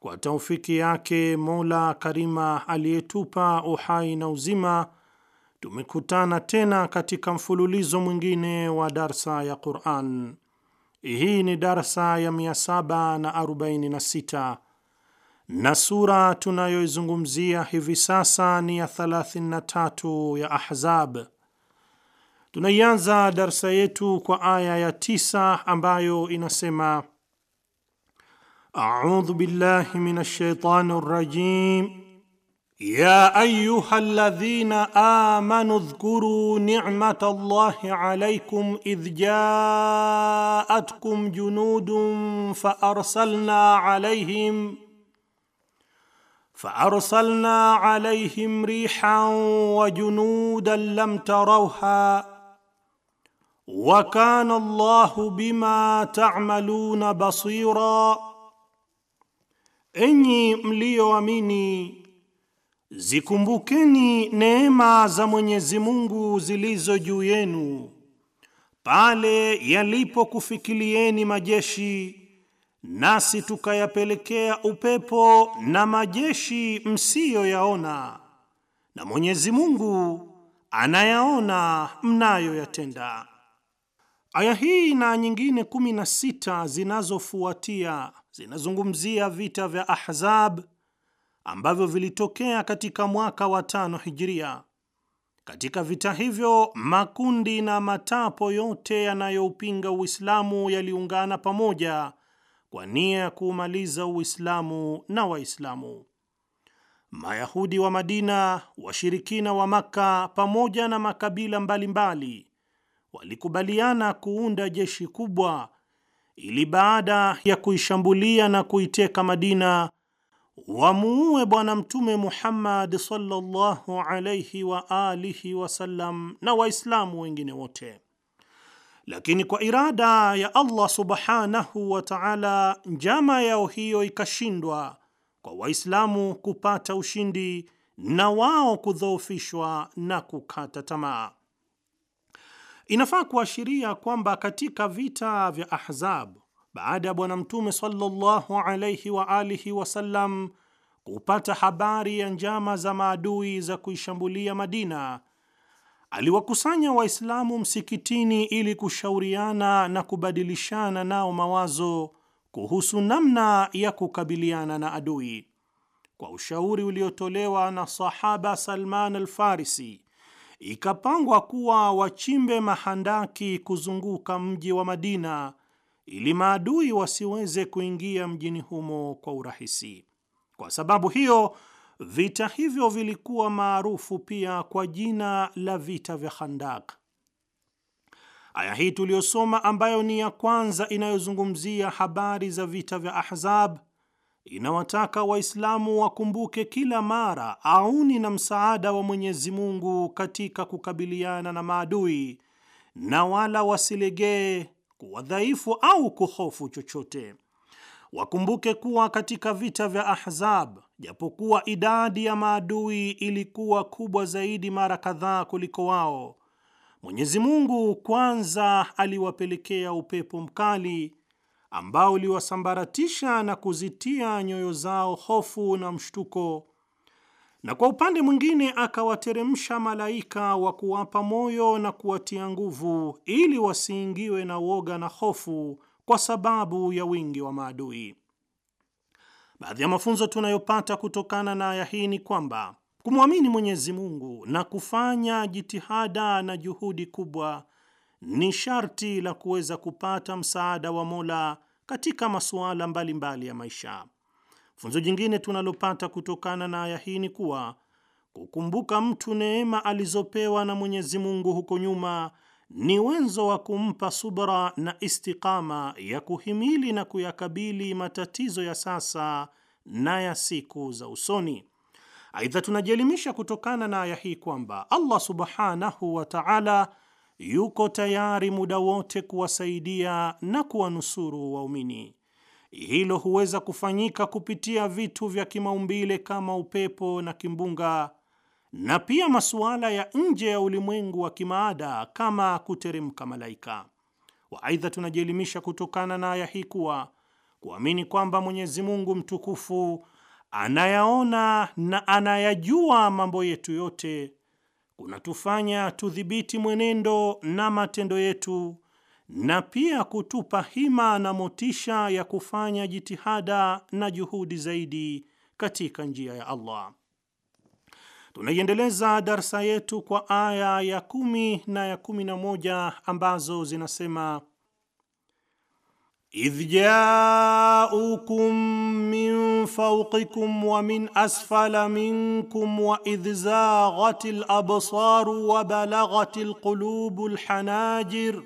kwa taufiki yake Mola Karima aliyetupa uhai na uzima, tumekutana tena katika mfululizo mwingine wa darsa ya Quran. Hii ni darsa ya 746 na sura tunayoizungumzia hivi sasa ni ya 33 ya Ahzab. Tunaianza darsa yetu kwa aya ya 9 ambayo inasema اعوذ بالله من الشيطان الرجيم يا ايها الذين امنوا اذكروا نعمه الله عليكم اذ جاءتكم جنود فارسلنا عليهم فارسلنا عليهم ريحا وجنودا لم تروها وكان الله بما تعملون بصيرا Enyi mlioamini, zikumbukeni neema za Mwenyezi Mungu zilizo juu yenu, pale yalipokufikilieni majeshi, nasi tukayapelekea upepo na majeshi msiyoyaona, na Mwenyezi Mungu anayaona mnayoyatenda. Aya hii na nyingine 16 zinazofuatia zinazungumzia vita vya Ahzab ambavyo vilitokea katika mwaka wa tano Hijiria. Katika vita hivyo makundi na matapo yote yanayoupinga Uislamu yaliungana pamoja kwa nia ya kuumaliza Uislamu na Waislamu. Mayahudi wa Madina, washirikina wa Makka pamoja na makabila mbalimbali mbali, walikubaliana kuunda jeshi kubwa ili baada ya kuishambulia na kuiteka Madina wamuue Bwana Mtume Muhammad sallallahu alayhi wa alihi wasallam na Waislamu wengine wote. Lakini kwa irada ya Allah subhanahu wa ta'ala, njama yao hiyo ikashindwa kwa Waislamu kupata ushindi na wao kudhoofishwa na kukata tamaa. Inafaa kuashiria kwamba katika vita vya Ahzab, baada ya Bwana Mtume sallallahu alaihi wa alihi wasallam kupata habari ya njama za maadui za kuishambulia Madina, aliwakusanya Waislamu msikitini ili kushauriana na kubadilishana nao mawazo kuhusu namna ya kukabiliana na adui. Kwa ushauri uliotolewa na sahaba Salman al-Farisi ikapangwa kuwa wachimbe mahandaki kuzunguka mji wa Madina ili maadui wasiweze kuingia mjini humo kwa urahisi. Kwa sababu hiyo, vita hivyo vilikuwa maarufu pia kwa jina la vita vya Khandak. Aya hii tuliyosoma, ambayo ni ya kwanza inayozungumzia habari za vita vya Ahzab, inawataka Waislamu wakumbuke kila mara auni na msaada wa Mwenyezi Mungu katika kukabiliana na maadui na wala wasilegee kuwa dhaifu au kuhofu chochote. Wakumbuke kuwa katika vita vya Ahzab, japokuwa idadi ya maadui ilikuwa kubwa zaidi mara kadhaa kuliko wao, Mwenyezi Mungu kwanza aliwapelekea upepo mkali ambao uliwasambaratisha na kuzitia nyoyo zao hofu na mshtuko, na kwa upande mwingine akawateremsha malaika wa kuwapa moyo na kuwatia nguvu, ili wasiingiwe na woga na hofu kwa sababu ya wingi wa maadui. Baadhi ya mafunzo tunayopata kutokana na aya hii ni kwamba kumwamini Mwenyezi Mungu na kufanya jitihada na juhudi kubwa ni sharti la kuweza kupata msaada wa Mola katika masuala mbalimbali ya maisha. Funzo jingine tunalopata kutokana na aya hii ni kuwa kukumbuka mtu neema alizopewa na Mwenyezi Mungu huko nyuma ni wenzo wa kumpa subra na istikama ya kuhimili na kuyakabili matatizo ya sasa na ya siku za usoni. Aidha, tunajielimisha kutokana na aya hii kwamba Allah subhanahu wa ta'ala yuko tayari muda wote kuwasaidia na kuwanusuru waumini. Hilo huweza kufanyika kupitia vitu vya kimaumbile kama upepo na kimbunga, na pia masuala ya nje ya ulimwengu wa kimaada kama kuteremka malaika. Waaidha, tunajielimisha kutokana na aya hii kuwa kuamini kwamba Mwenyezi Mungu mtukufu anayaona na anayajua mambo yetu yote kunatufanya tudhibiti mwenendo na matendo yetu na pia kutupa hima na motisha ya kufanya jitihada na juhudi zaidi katika njia ya Allah. Tunaiendeleza darsa yetu kwa aya ya kumi na ya kumi na moja ambazo zinasema إذ جاءوكم من فوقكم ومن أسفل منكم وإذ زاغت الأبصار وبلغت القلوب الحناجر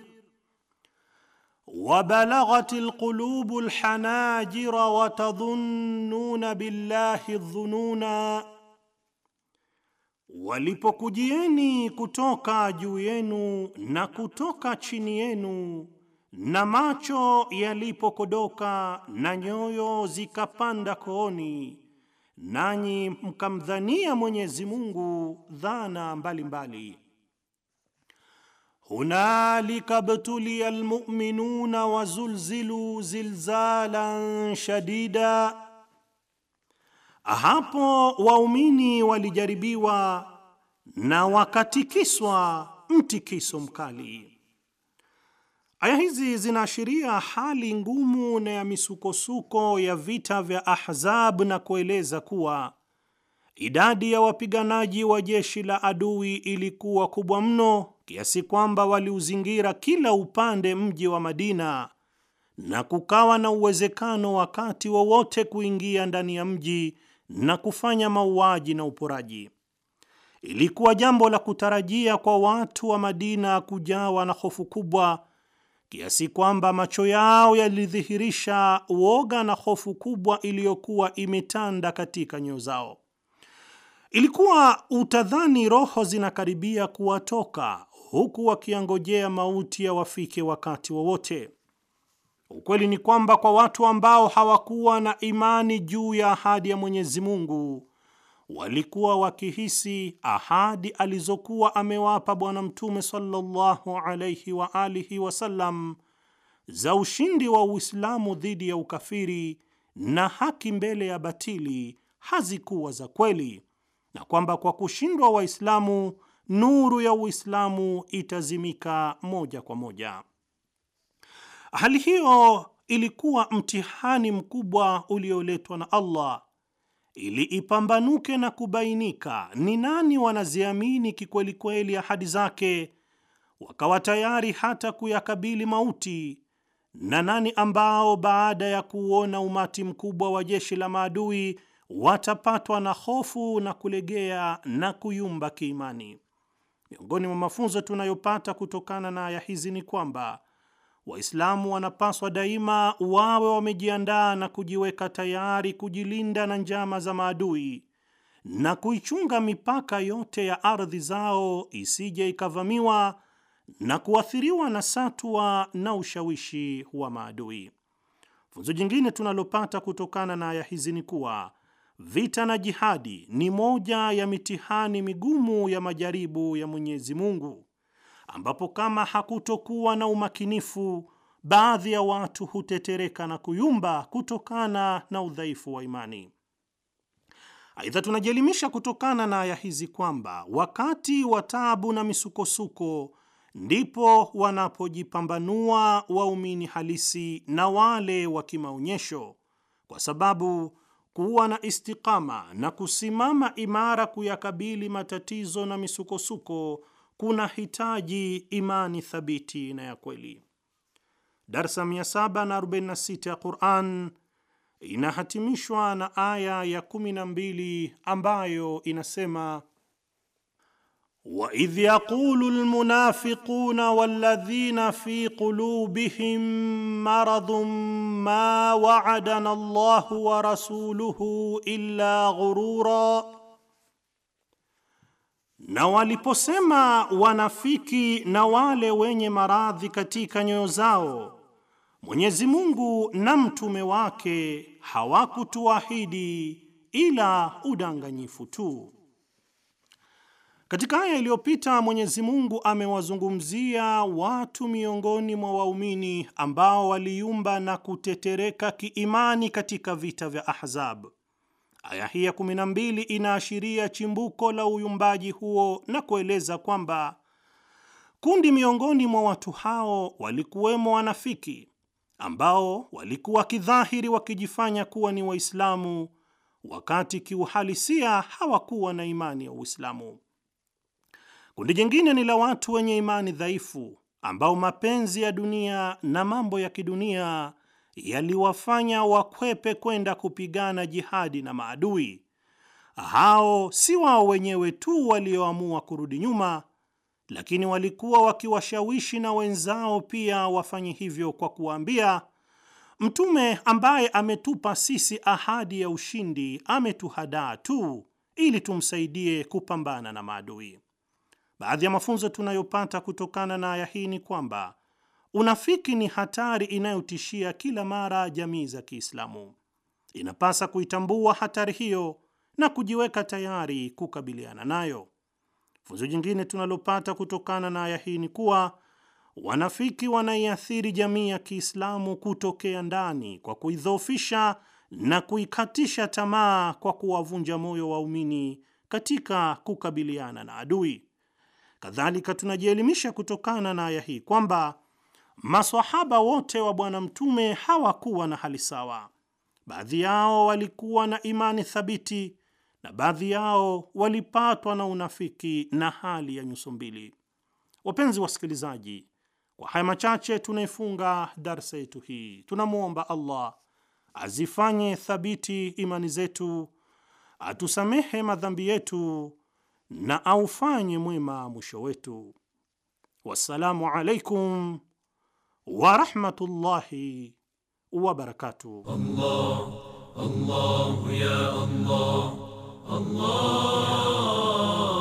وبلغت القلوب الحناجر وتظنون بالله الظنونا walipokujieni kutoka جوينو yenu تشينينو Na macho yalipokodoka na nyoyo zikapanda kooni, nanyi mkamdhania Mwenyezi Mungu dhana mbalimbali. Hunalika btulia almu'minuna wazulzilu zilzalan shadida, hapo waumini walijaribiwa na wakatikiswa mtikiso mkali. Aya hizi zinaashiria hali ngumu na ya misukosuko ya vita vya Ahzab na kueleza kuwa idadi ya wapiganaji wa jeshi la adui ilikuwa kubwa mno kiasi kwamba waliuzingira kila upande mji wa Madina na kukawa na uwezekano wakati wowote wa kuingia ndani ya mji na kufanya mauaji na uporaji. Ilikuwa jambo la kutarajia kwa watu wa Madina kujawa na hofu kubwa kiasi kwamba macho yao yalidhihirisha woga na hofu kubwa iliyokuwa imetanda katika nyoyo zao. Ilikuwa utadhani roho zinakaribia kuwatoka, huku wakiangojea mauti ya wafike wakati wowote. Ukweli ni kwamba kwa watu ambao hawakuwa na imani juu ya ahadi ya Mwenyezi Mungu walikuwa wakihisi ahadi alizokuwa amewapa Bwana Mtume sallallahu alayhi wa alihi wasallam za ushindi wa Uislamu dhidi ya ukafiri na haki mbele ya batili hazikuwa za kweli, na kwamba kwa kushindwa Waislamu nuru ya Uislamu itazimika moja kwa moja. Hali hiyo ilikuwa mtihani mkubwa ulioletwa na Allah ili ipambanuke na kubainika ni nani wanaziamini kikwelikweli ahadi zake, wakawa tayari hata kuyakabili mauti, na nani ambao baada ya kuuona umati mkubwa wa jeshi la maadui watapatwa na hofu na kulegea na kuyumba kiimani. Miongoni mwa mafunzo tunayopata kutokana na aya hizi ni kwamba Waislamu wanapaswa daima wawe wamejiandaa na kujiweka tayari kujilinda na njama za maadui na kuichunga mipaka yote ya ardhi zao isije ikavamiwa na kuathiriwa na satwa na ushawishi wa maadui. Funzo jingine tunalopata kutokana na aya hizi ni kuwa vita na jihadi ni moja ya mitihani migumu ya majaribu ya Mwenyezi Mungu ambapo kama hakutokuwa na umakinifu, baadhi ya watu hutetereka na kuyumba kutokana na udhaifu wa imani. Aidha, tunajielimisha kutokana na aya hizi kwamba wakati wa taabu na misukosuko ndipo wanapojipambanua waumini halisi na wale wa kimaonyesho, kwa sababu kuwa na istikama na kusimama imara kuyakabili matatizo na misukosuko kuna hitaji imani thabiti na ya kweli. Darsa 746 ya Quran inahatimishwa na aya ya 12 ambayo inasema waidh yaqulu lmunafiquna walladhina fi qulubihim maradun ma waadana llahu wa rasuluhu illa ghurura na waliposema wanafiki na wale wenye maradhi katika nyoyo zao, Mwenyezi Mungu na mtume wake hawakutuahidi ila udanganyifu tu. Katika aya iliyopita Mwenyezi Mungu amewazungumzia watu miongoni mwa waumini ambao waliumba na kutetereka kiimani katika vita vya Ahzab. Aya hii ya 12 inaashiria chimbuko la uyumbaji huo na kueleza kwamba kundi miongoni mwa watu hao walikuwemo wanafiki ambao walikuwa kidhahiri wakijifanya kuwa ni Waislamu wakati kiuhalisia hawakuwa na imani ya Uislamu. Kundi jingine ni la watu wenye imani dhaifu ambao mapenzi ya dunia na mambo ya kidunia yaliwafanya wakwepe kwenda kupigana jihadi na maadui hao. Si wao wenyewe tu walioamua kurudi nyuma, lakini walikuwa wakiwashawishi na wenzao pia wafanye hivyo kwa kuwaambia, Mtume ambaye ametupa sisi ahadi ya ushindi ametuhadaa tu ili tumsaidie kupambana na maadui. Baadhi ya mafunzo tunayopata kutokana na aya hii ni kwamba Unafiki ni hatari inayotishia kila mara jamii za Kiislamu. Inapasa kuitambua hatari hiyo na kujiweka tayari kukabiliana nayo. Funzo jingine tunalopata kutokana na aya hii ni kuwa wanafiki wanaiathiri jamii ya Kiislamu kutokea ndani kwa kuidhoofisha na kuikatisha tamaa kwa kuwavunja moyo waumini katika kukabiliana na adui. Kadhalika, tunajielimisha kutokana na aya hii kwamba Maswahaba wote wa Bwana Mtume hawakuwa na hali sawa. Baadhi yao walikuwa na imani thabiti na baadhi yao walipatwa na unafiki na hali ya nyuso mbili. Wapenzi wasikilizaji, kwa haya machache tunaifunga darsa yetu hii. Tunamwomba Allah azifanye thabiti imani zetu, atusamehe madhambi yetu na aufanye mwema mwisho wetu. Wassalamu alaikum ورحمة الله وبركاته الله الله يا الله الله